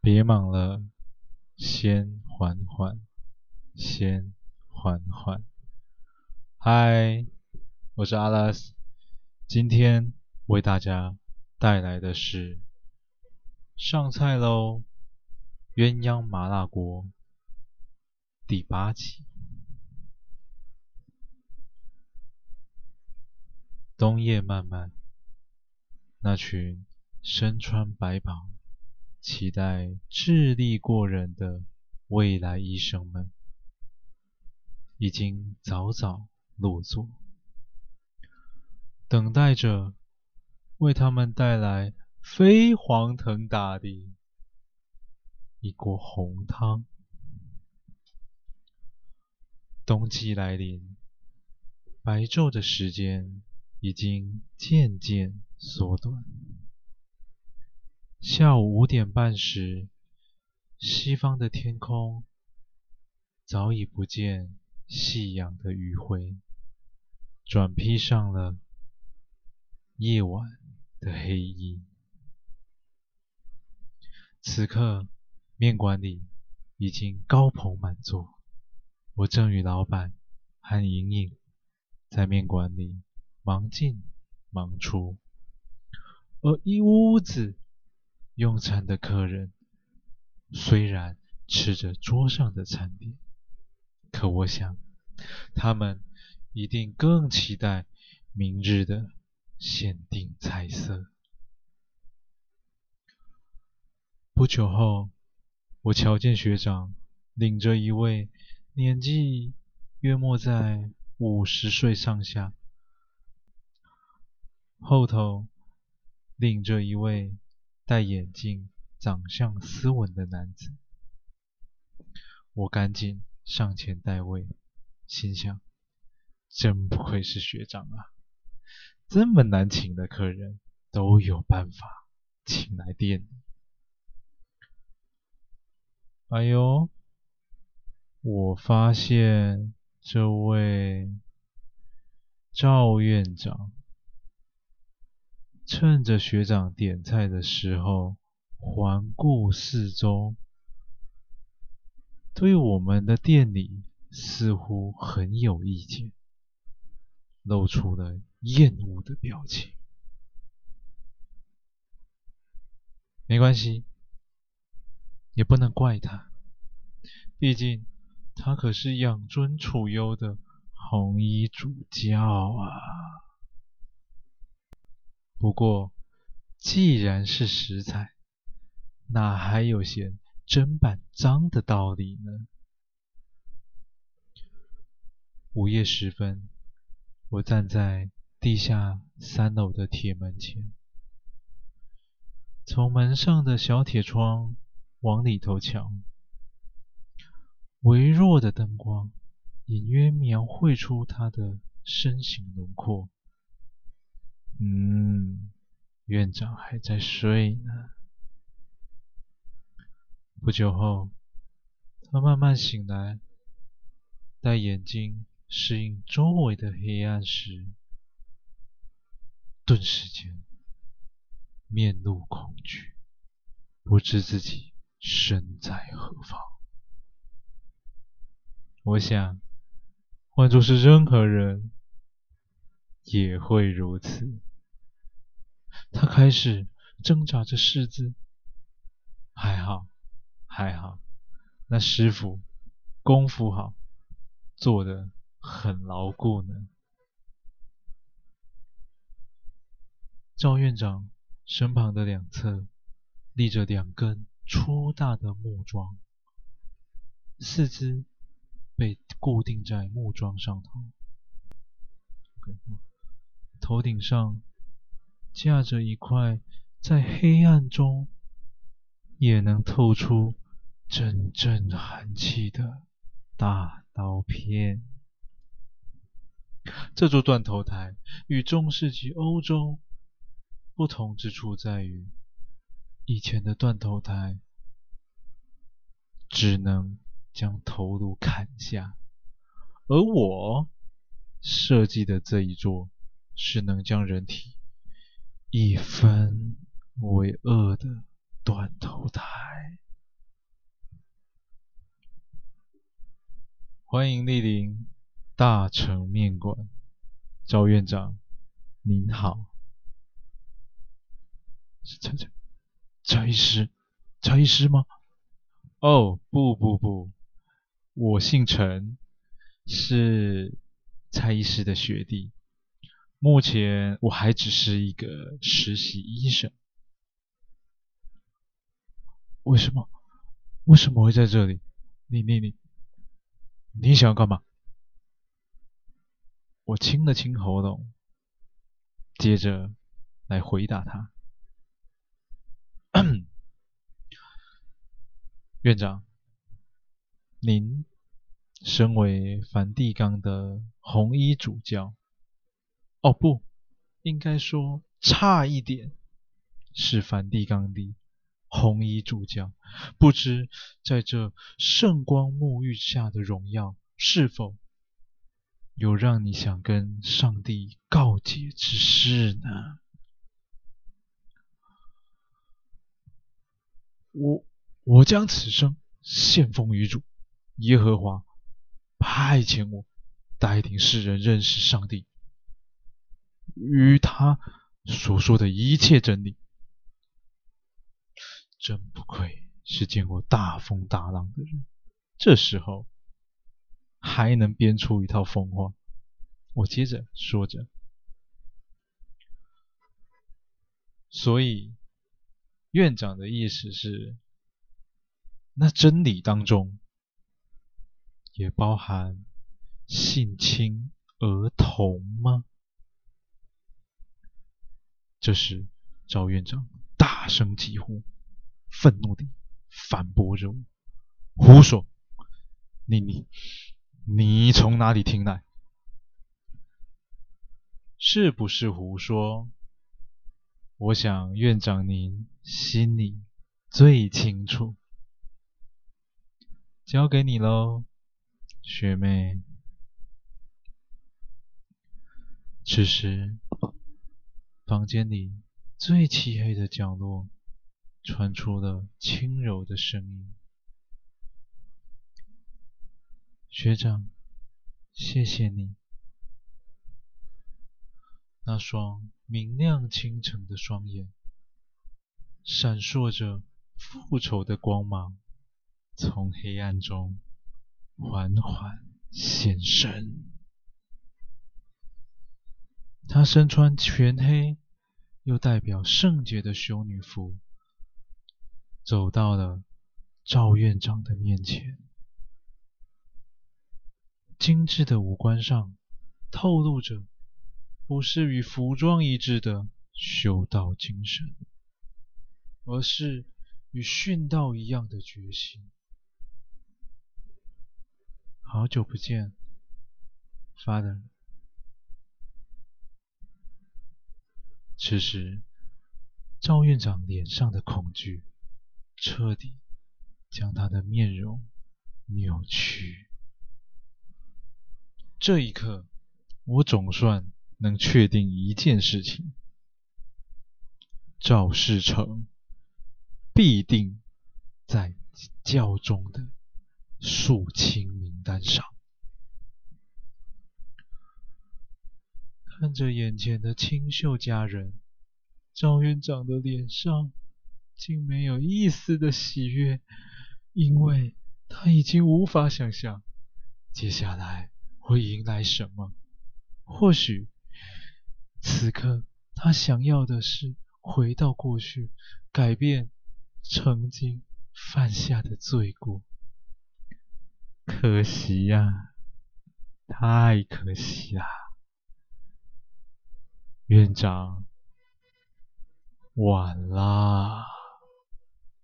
別忙了，先緩緩，先緩緩。嗨，我是阿拉斯，今天為大家帶來的是上菜嘍，《鴛鴦麻辣鍋》第八集。冬夜漫漫，那群身穿白袍，期待智力過人的未來醫生們已經早早落座，等待着為他們帶來飛黃騰達的一鍋紅湯。冬季來臨，白晝的時間已經漸漸縮短。下午五點半時，西方的天空早已不見夕陽的餘暉，轉披上了夜晚的黑衣。此刻，麵館裡已經高朋滿座，我正與老闆和瑩瑩在麵館裡忙進忙出，而一屋子。用餐的客人雖然吃着桌上的餐點，可我想，他們一定更期待明日的限定菜色。不久後，我瞧見學長領着一位年紀約莫在五十歲上下，後頭領着一位。戴眼鏡、長相斯文的男子，我趕緊上前帶位，心想：真不愧是學長啊，這麼難請的客人都有辦法請來店裡。哎呦，我發現這位趙院長。趁着學長點菜的時候，環顧四周，對我們的店裡似乎很有意見，露出了厭惡的表情。沒關係，也不能怪他，畢竟他可是養尊處優的紅衣主教啊。不過，既然是食材，哪還有嫌砧板髒的道理呢？午夜時分，我站在地下三樓的鐵門前，從門上的小鐵窗往裡頭瞧，微弱的燈光隱約描繪出他的身形輪廓。嗯，院長還在睡呢。不久後，他慢慢醒來，待眼睛適應周圍的黑暗時，頓時間面露恐懼，不知自己身在何方。我想，換作是任何人，也會如此。他開始掙扎着四肢，還好，還好，那師傅功夫好，做的很牢固呢。趙院長身旁的兩側立着兩根粗大的木樁，四肢被固定在木樁上頭，頭頂上。架着一塊在黑暗中也能透出陣陣寒氣的大刀片。這座斷頭台與中世紀歐洲不同之處在於，以前的斷頭台只能將頭顱砍下，而我設計的這一座是能將人體。一分為二的斷頭台。歡迎蒞臨大成麵館，趙院長，您好。是陳陳，蔡醫師，蔡醫師嗎？哦，不不不，我姓陳，是蔡醫師的學弟。目前我還只是一個實習醫生。為什麼？為什麼會在這裡？你你你，你想要幹嘛？我清了清喉嚨，接着來回答他。 院長，您身為梵蒂岡的紅衣主教。哦，不，應該說差一點，是梵蒂岡的紅衣主教。不知在這聖光沐浴下的榮耀，是否有讓你想跟上帝告解之事呢？我我將此生獻奉於主，耶和華派遣我，帶領世人認識上帝。與他所說的一切真理。真不愧是見過大風大浪的人，這時候還能編出一套瘋話。我接着說着所以院長的意思是，那真理當中也包含性侵兒童嗎？這時，趙院長大聲疾呼，憤怒地反駁着我：“胡說！你你你從哪裡聽來？是不是胡說？我想院長您心裡最清楚。交給你嘍，學妹。”此時。房間裡最漆黑的角落，傳出了輕柔的聲音。學長，謝謝你。那雙明亮清澈的雙眼，閃爍着復仇的光芒，從黑暗中緩緩現身。她身穿全黑又代表聖潔的修女服，走到了趙院長的面前。精緻的五官上透露着不是與服裝一致的修道精神，而是與殉道一樣的決心。好久不見，Father。此時，趙院長臉上的恐懼徹底將他的面容扭曲。這一刻，我總算能確定一件事情：趙世成必定在教宗的肅清名單上。看着眼前的清秀佳人，趙院長的臉上竟沒有一絲的喜悅，因為他已經無法想象接下來會迎來什麼。或許此刻他想要的是回到過去，改變曾經犯下的罪過。可惜呀，太可惜了。院長，晚啦。